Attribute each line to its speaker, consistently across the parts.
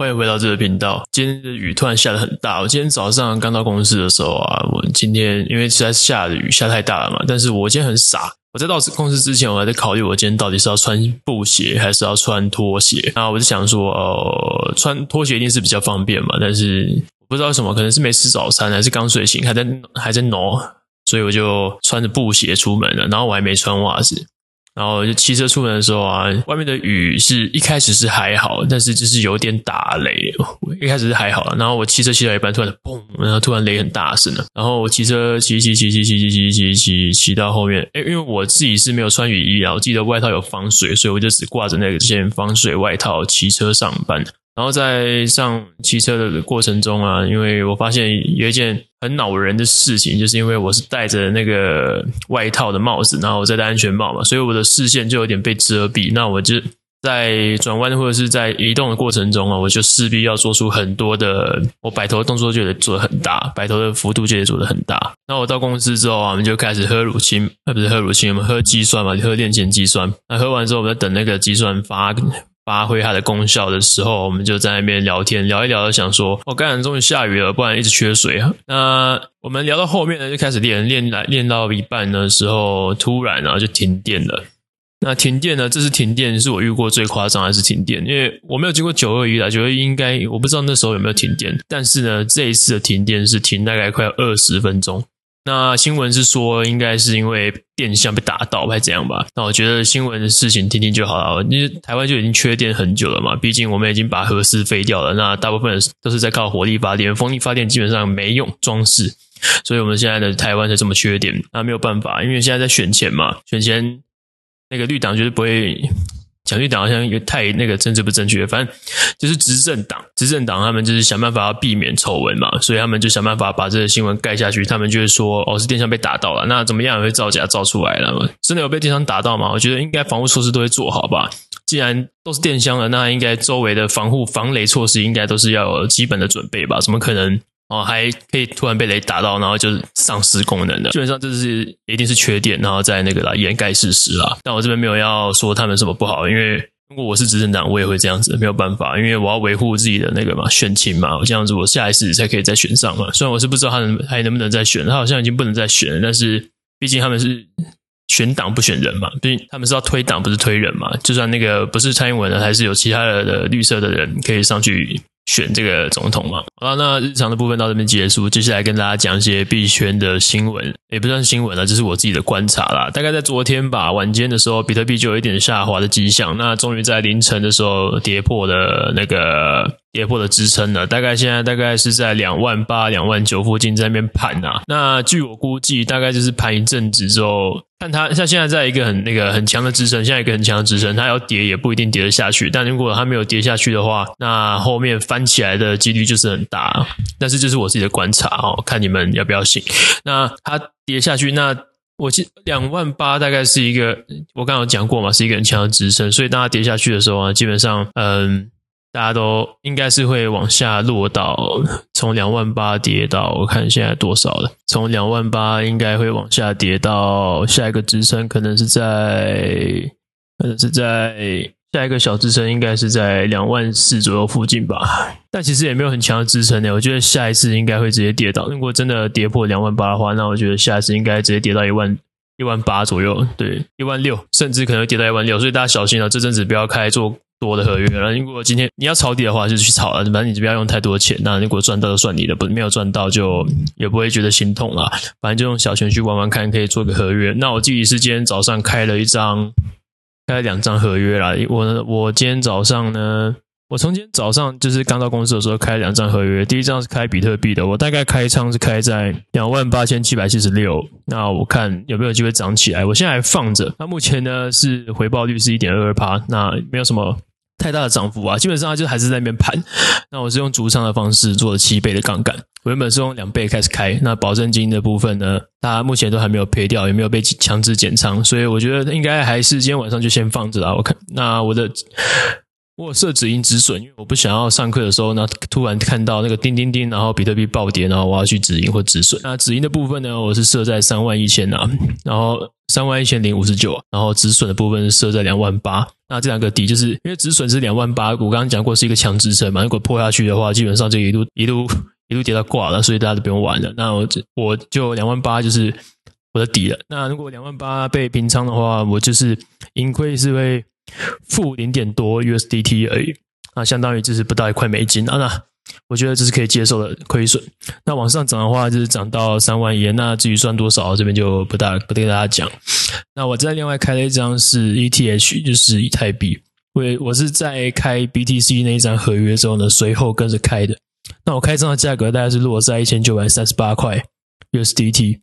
Speaker 1: 歡迎回到這個頻道。今天的雨突然下得很大，我今天早上剛到公司的時候啊，我今天因為實在是下雨下太大了嘛，但是我今天很傻，我在到公司之前，我還在考慮我今天到底是要穿布鞋還是要穿拖鞋。那我就想說，哦，穿拖鞋一定是比較方便嘛，但是我不知道為什麼，可能是沒吃早餐，還是剛睡醒，還在還在挪，所以我就穿着布鞋出門了，然後我還沒穿襪子。然後就騎車出門的時候啊，外面的雨是一開始是還好，但是就是有點打雷。一開始是還好，然後我騎車騎到一半，突然就砰，然後突然雷很大聲了。然後我騎車騎騎騎騎騎騎騎騎騎到後面，因因為我自己是沒有穿雨衣啊，我記得外套有防水，所以我就只掛着那件防水外套騎車上班。然後在上騎車的過程中啊，因為我發現有一件很惱人的事情，就是因為我是戴着那個外套的帽子，然後我在戴安全帽嘛，所以我的視線就有點被遮蔽。那我就在轉彎或者是在移動的過程中啊，我就勢必要做出很多的我擺頭動作，就得做得很大，擺頭的幅度就得做得很大。那我到公司之後啊，我們就開始喝乳清，那、啊、不是喝乳清，我們喝肌酸嘛，喝練前肌酸。那喝完之後，我們就等那個肌酸發發揮它的功效的時候，我們就在那邊聊天，聊一聊，就想說，哦，剛剛終於下雨了，不然一直缺水啊。那我們聊到後面呢，就開始練練來，練到一半的時候，突然啊就停電了。那停電呢，這次停電是我遇過最誇張一次停電，因為我沒有經過九二一啦，九二一應該，我不知道那時候有沒有停電，但是呢，這一次的停電是停大概快二十分鐘。那新聞是說，應該是因為電箱被打到，還是怎樣吧？那我覺得新聞的事情聽聽就好了。因為台灣就已經缺電很久了嘛，畢竟我們已經把核四廢掉了。那大部分都是在靠火力發電、風力發電，基本上沒用裝飾。所以我們現在的台灣才這麼缺電。那沒有辦法，因為現在在選前嘛，選前那個綠黨絕對不會。想去黨好像也太那個政治不正確，反正就是執政黨，執政黨他們就是想辦法要避免醜聞嘛，所以他們就想辦法把這個新聞蓋下去。他們就會說哦，是電箱被打到了，那怎麼樣也會造假造出來了。真的有被電箱打到嗎？我覺得應該防護措施都會做好吧。既然都是電箱了，那應該周圍的防護防雷措施應該都是要有基本的準備吧？怎麼可能？哦，還可以突然被雷打到，然後就是喪失功能的，基本上這是一定是缺點，然後再那個來掩蓋事實啦。但我這邊沒有要說他們什麼不好，因為如果我是執政黨，我也會這樣子，沒有辦法，因為我要維護自己的那個嘛選情嘛，我這樣子我下一次才可以再選上嘛。雖然我是不知道他能還能不能再選，他好像已經不能再選了，但是畢竟他們是選黨不選人嘛，畢竟他們是要推黨不是推人嘛。就算那個不是蔡英文的，還是有其他的綠色的人可以上去。選這個總統嘛，好啦，那日常的部分到這邊結束，接下來跟大家講一些幣圈的新聞，也不算新聞啊，就是我自己的觀察啦。大概在昨天吧，晚間的時候，比特幣就有一點下滑的跡象，那終於在凌晨的時候跌破了那個。跌破的支撐了，大概現在大概是在兩萬八、兩萬九附近在那邊盤啊。那據我估計，大概就是盤一陣子之後，看它像現在在一個很那個很強的支撐，現在一個很強的支撐，它要跌也不一定跌得下去。但如果它沒有跌下去的話，那後面翻起來的幾率就是很大。但是這是我自己的觀察哦，看你們要不要信。那它跌下去，那我記兩萬八大概是一個，我剛剛有講過嘛，是一個很強的支撐，所以當它跌下去的時候啊，基本上嗯。大家都應該是會往下落到，從兩萬八跌到，我看現在多少了？從兩萬八應該會往下跌到下一個支撐，可能是在，可能是在，下一個小支撐應該是在兩萬四左右附近吧。但其實也沒有很強的支撐的、欸，我覺得下一次應該會直接跌到。如果真的跌破兩萬八的話，那我覺得下一次應該直接跌到一萬一萬八左右，對，一萬六，甚至可能會跌到一萬六。所以大家小心啊、喔、這陣子不要開做。多的合約了。如果今天你要抄底的話，就去抄了。反正你不要用太多錢。那如果賺到就算你的，不沒有賺到就也不會覺得心痛啦。反正就用小錢去玩玩看，可以做個合約。那我自己是今天早上開了一張，開兩張合約啦，我呢，我今天早上呢，我從今天早上就是剛到公司的時候開兩張合約。第一張是開比特幣的，我大概開倉是開在兩萬八千七百七十六。那我看有沒有機會漲起來，我現在還放着。那目前呢是回報率是一點二二趴，那沒有什麼太大的漲幅啊，基本上它就還是在那邊盤。那我是用逐倉的方式做了七倍的槓桿，我原本是用兩倍開始開。那保證金的部分呢，大家目前都還沒有賠掉，也沒有被強制減倉，所以我覺得應該還是今天晚上就先放着啦。我看那我的我設止盈止損，因為我不想要上課的時候，那突然看到那個叮叮叮，然後比特幣暴跌，然後我要去止盈或止損。那止盈的部分呢，我是設在三萬一千啊，然後。三萬一千零五十九，31, 9, 然後止損的部分是設在兩萬八。那這兩個底就是因為止損是兩萬八，我剛剛講過是一個強支撐嘛。如果破下去的話，基本上就一路一路一路跌到掛了，所以大家就不用玩了。那我就我就兩萬八就是我的底了。那如果兩萬八被平倉的話，我就是盈虧是會負零點多 USDT 而已，那相當於就是不到一塊美金啊。那。我覺得這是可以接受的虧損。那往上漲的話，就是漲到三萬一元。那至於賺多少，這邊就不大不得跟大家講。那我在另外開了一張是 ETH，就是以太幣。我我是在開 BTC 那一張合約之後呢，隨後跟着開的。那我開張的價格大概是落在一千九百三十八塊 USDT。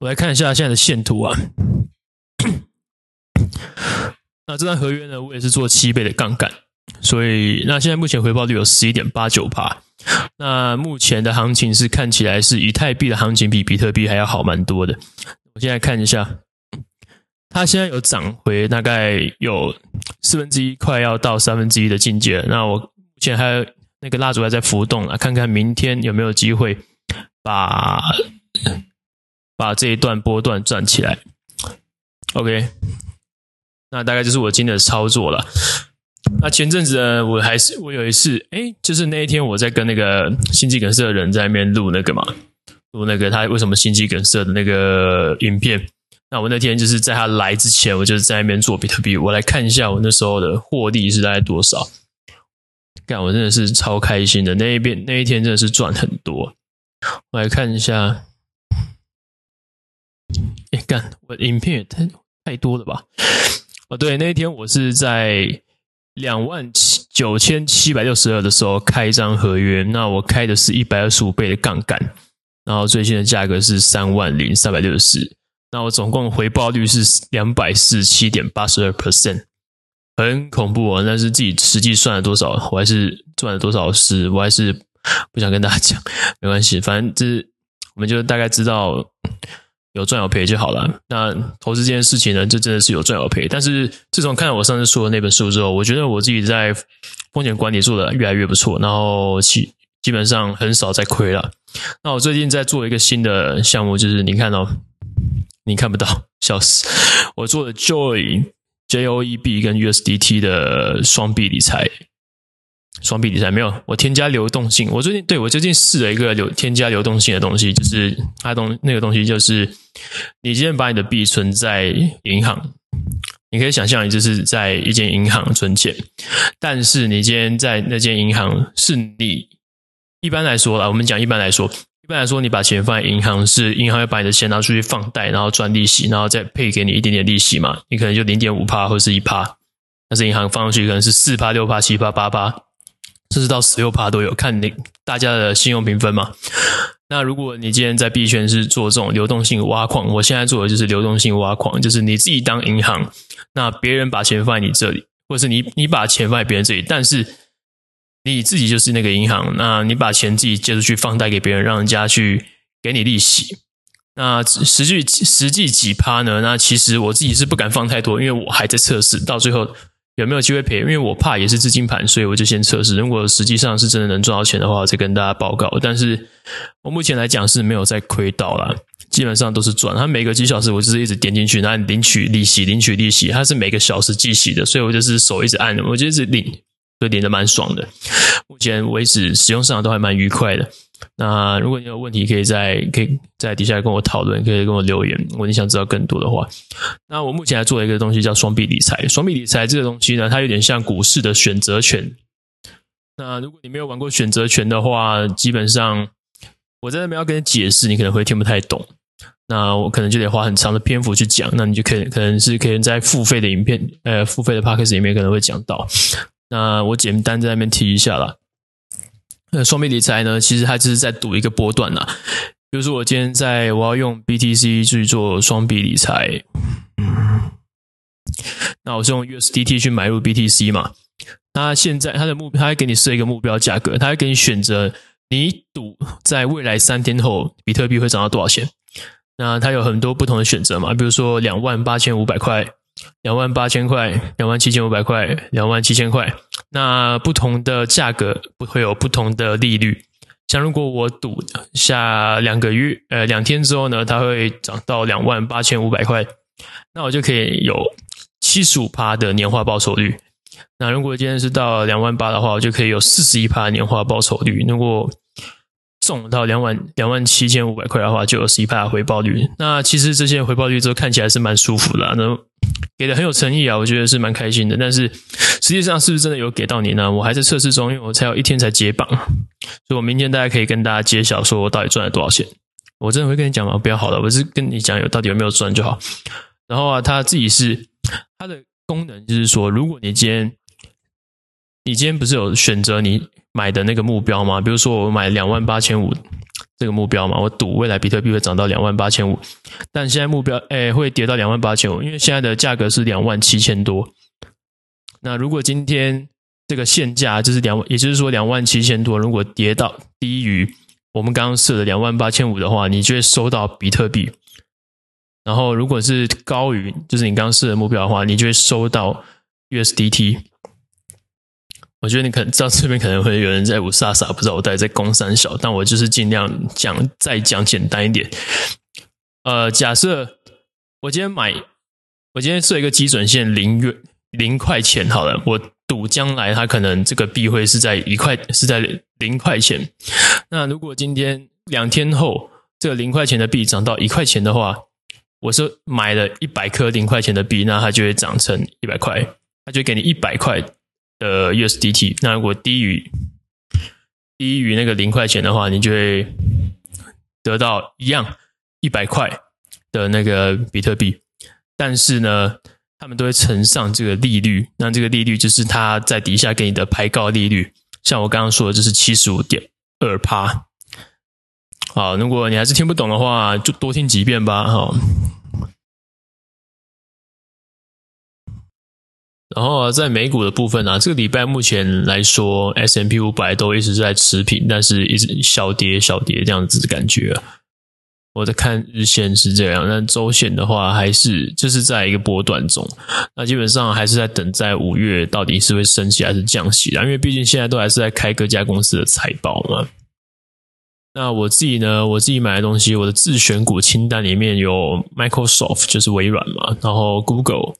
Speaker 1: 我來看一下現在的線圖啊。 那這張合約呢，我也是做七倍的槓桿。所以，那現在目前回報率有十一點八九趴。那目前的行情是看起來是以太幣的行情比比特幣還要好蠻多的。我現在看一下，它現在有漲回大概有四分之一，快要到三分之一的境界了。那我目前還有那個蠟燭還在浮動啊，看看明天有沒有機會把把這一段波段轉起來。OK，那大概就是我今天的操作了。那前陣子，呢，我還是我有一次，哎，就是那一天我在跟那個心肌梗塞的人在那邊錄那個嘛，錄那個他為什麼心肌梗塞的那個影片。那我那天就是在他來之前，我就是在那邊做比特幣。我來看一下我那時候的獲利是大概多少？幹，我真的是超開心的，那一邊那一天真的是賺很多。我來看一下，哎，幹，我的影片也太太多了吧？哦，對，那一天我是在。兩萬九千七百六十二的時候開一張合約，那我開的是一百二十五倍的槓桿，然後最新的價格是三萬零三百六十四，那我總共回報率是兩百四十七點八十二 percent，很恐怖啊、哦！但是自己實際算了多少，我還是賺了多少是，我還是不想跟大家講，沒關係，反正就是我們就大概知道。有賺有賠就好了。那投資這件事情呢，就真的是有賺有賠。但是自從看了我上次說的那本書之後，我覺得我自己在風險管理做得越來越不錯，然後基基本上很少再虧了。那我最近在做一個新的項目，就是你看哦，你看不到，笑死！我做的 JOY，J O E B 跟 USDT 的雙幣理財。雙幣理財沒有，我添加流動性。我最近對我最近試了一個流添加流動性的東西，就是它東那個東西就是，你今天把你的幣存在銀行，你可以想象，你就是在一間銀行存錢，但是你今天在那間銀行是你一般來說啦，我們講一般來說一般來說，你把錢放在銀行是銀行要把你的錢拿出去放貸，然後賺利息，然後再配給你一點點利息嘛，你可能就零點五帕或是一帕，但是銀行放上去可能是四帕六帕七帕八帕。6 7 8甚至到十六趴都有，看你大家的信用評分嘛。那如果你今天在幣圈是做這種流動性挖礦，我現在做的就是流動性挖礦，就是你自己當銀行，那別人把錢放在你這裡，或者是你你把錢放在別人這裡，但是你自己就是那個銀行，那你把錢自己借出去放貸給別人，讓人家去給你利息。那實際實際幾趴呢？那其實我自己是不敢放太多，因為我還在測試，到最後。有沒有機會賠？因為我怕也是資金盤，所以我就先測試。如果實際上是真的能賺到錢的話，我再跟大家報告。但是我目前來講是沒有再虧到了，基本上都是賺。它每隔幾小時我就是一直點進去，然後領取利息，領取利息。它是每個小時計息的，所以我就是手一直按。我就一直領，就領的蠻爽的。目前為止，使用上都還蠻愉快的。那如果你有問題，可以在可以在底下跟我討論，可以跟我留言。如果你想知道更多的話，那我目前還做了一個東西叫雙幣理財。雙幣理財這個東西呢，它有點像股市的選擇權。那如果你沒有玩過選擇權的話，基本上我在那邊要跟你解釋，你可能會聽不太懂。那我可能就得花很長的篇幅去講。那你就可以可能是可以在付費的影片呃付費的 Podcast 裡面可能會講到。那我簡單在那邊提一下啦。那雙幣理財呢？其實它只是在賭一個波段啦，比如說，我今天在我要用 BTC 去做雙幣理財，嗯。那我是用 USDT 去買入 BTC 嘛？那現在它的目，它會給你設一個目標價格，它會給你選擇你賭在未來三天後比特幣會漲到多少錢？那它有很多不同的選擇嘛，比如說兩萬八千五百塊、兩萬八千塊、兩萬七千五百塊、兩萬七千塊。那不同的價格會有不同的利率。像如果我賭下兩個月，呃，兩天之後呢，它會漲到兩萬八千五百塊，那我就可以有七十五趴的年化報酬率。那如果今天是到兩萬八的話，我就可以有四十一趴年化報酬率。如果中到兩萬兩萬七千五百塊的話，就有十一趴的回報率。那其實這些回報率之後看起來是蠻舒服的啊，那給的很有誠意啊，我覺得是蠻開心的，但是。實際上是不是真的有給到你呢？我還在測試中，因為我才有一天才解綁，所以我明天大概可以跟大家揭曉說，我到底賺了多少錢。我真的會跟你講嘛？我不要好了，我是跟你講有到底有沒有賺就好。然後啊，它自己是它的功能就是說，如果你今天你今天不是有選擇你買的那個目標嗎？比如說我買兩萬八千五這個目標嘛，我賭未來比特幣會漲到兩萬八千五，但現在目標哎、欸、會跌到兩萬八千五，因為現在的價格是兩萬七千多。那如果今天這個限價就是兩，也就是說兩萬七千多，如果跌到低於我們剛剛設的兩萬八千五的話，你就會收到比特幣；然後如果是高於，就是你剛剛設的目標的話，你就會收到 USDT。我覺得你可能知道這邊可能會有人在霧煞煞，不知道我到底在公三小，但我就是盡量講再講簡單一點。呃，假設我今天買，我今天設一個基準線零元。零塊錢好了，我賭將來它可能這個幣會是在一塊，是在零,零塊錢。那如果今天兩天後，這個零塊錢的幣漲到一塊錢的話，我說買了一百顆零塊錢的幣，那它就會漲成一百塊，它就給你一百塊的 USDT。那如果低於低於那個零塊錢的話，你就會得到一樣一百塊的那個比特幣，但是呢。他們都會乘上這個利率，那這個利率就是他在底下給你的牌告利率。像我剛剛說的，就是七十五點二趴。好，如果你還是聽不懂的話，就多聽幾遍吧。好。然後在美股的部分啊，這個禮拜目前來說，S&P 500都一直在持平，但是一直小跌小跌這樣子的感覺。我在看日線是這樣，但週線的話還是就是在一個波段中。那基本上還是在等，在五月到底是會升息還是降息了？因為畢竟現在都還是在開各家公司的財報嘛。那我自己呢，我自己買的東西，我的自選股清單裡面有 Microsoft，就是微軟嘛，然後 Google、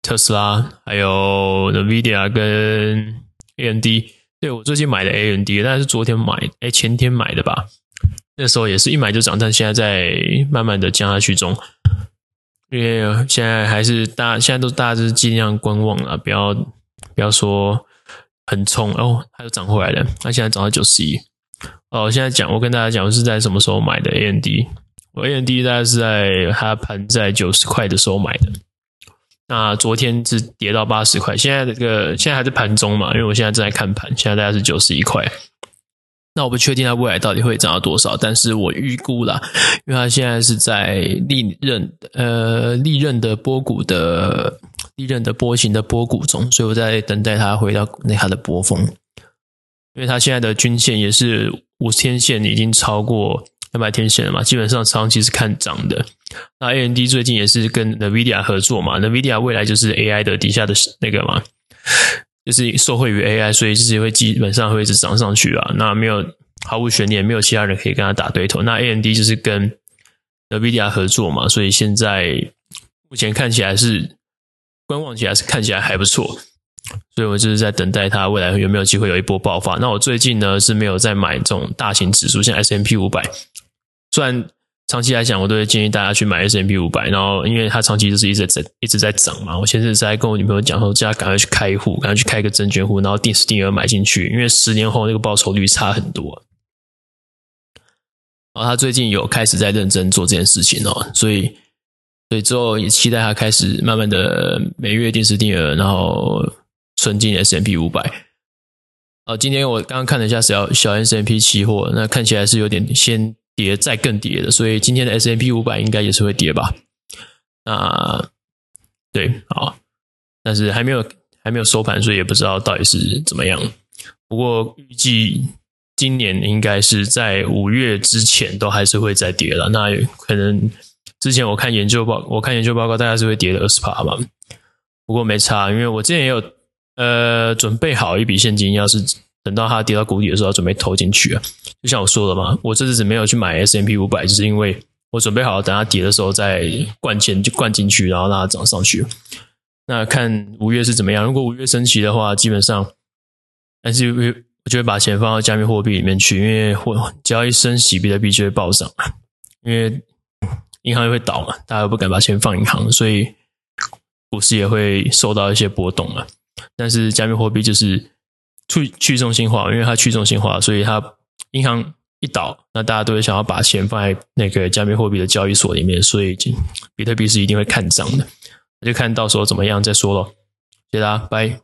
Speaker 1: 特斯拉，還有 Nvidia 跟 AMD。對，我最近買的 AMD，大概是昨天買，誒，前天買的吧。那時候也是一買就漲，但現在在慢慢的降下去中。因為現在還是大，現在都大家儘量觀望了、啊，不要不要說很衝哦，它又漲回來了。它現在漲到九十一。哦，我現在講，我跟大家講，我是在什麼時候買的 AMD？我 AMD 大概是在它盤在九十塊的時候買的。那昨天是跌到八十塊，現在這個現在還是盤中嘛？因為我現在正在看盤，現在大概是九十一塊。那我不確定它未來到底會漲到多少，但是我預估啦，因為它現在是在歷任，呃，歷任的波谷的歷任的波形的波谷中，所以我在等待它回到，那它的波峰，因為它現在的均線也是五十天線已經超過兩百天線了嘛，基本上長期是看漲的。那 AMD 最近也是跟 NVIDIA 合作嘛，NVIDIA 未來就是 A I 的底下的那個嘛。就是受惠於 AI，所以就是會基本上會一直漲上去啊。那沒有毫無懸念，沒有其他人可以跟他打對頭。那 AMD 就是跟 NVIDIA 合作嘛，所以現在目前看起來是觀望起來是看起來還不錯。所以我就是在等待它未來有沒有機會有一波爆發。那我最近呢是沒有在買這種大型指數，像 S&P 五百，雖然。長期來講，我都會建議大家去買 S&P 五百，然後因為它長期就是一直在一直在漲嘛。我前陣子在跟我女朋友講，說叫她趕快去開戶，趕快去開個證券戶，然後定時定額買進去，因為十年後那個報酬率差很多。然後他最近有開始在認真做這件事情哦，所以所以之後也期待他開始慢慢的每月定時定額，然後存進 S&P 五百。哦，今天我剛剛看了一下小小 S&P 期貨，那看起來是有點先。跌再更跌的，所以今天的 S&P 五百應該也是會跌吧？那對啊，但是還沒有還沒有收盤，所以也不知道到底是怎麼樣。不過預計今年應該是在五月之前都還是會再跌了。那可能之前我看研究報，我看研究報告大概是會跌的二十趴吧，不過沒差，因為我之前也有呃準備好一筆現金，要是。等到它跌到谷底的時候，準備投進去啊！就像我說的嘛，我這次沒有去買 S&P 500，就是因為我準備好等它跌的時候再灌錢就灌進去，然後讓它漲上去了。那看五月是怎麼樣？如果五月升息的話，基本上，但是我就會把錢放到加密貨幣裡面去，因為貨，只要一升息，比特幣就會暴漲嘛，因為銀行也會倒嘛，大家又不敢把錢放銀行，所以股市也會受到一些波動嘛，但是加密貨幣就是。去去中心化，因為它去中心化，所以它銀行一倒，那大家都會想要把錢放在那個加密貨幣的交易所裡面，所以比特幣是一定會看漲的，那就看到時候怎麼樣再說咯。謝謝大家，拜。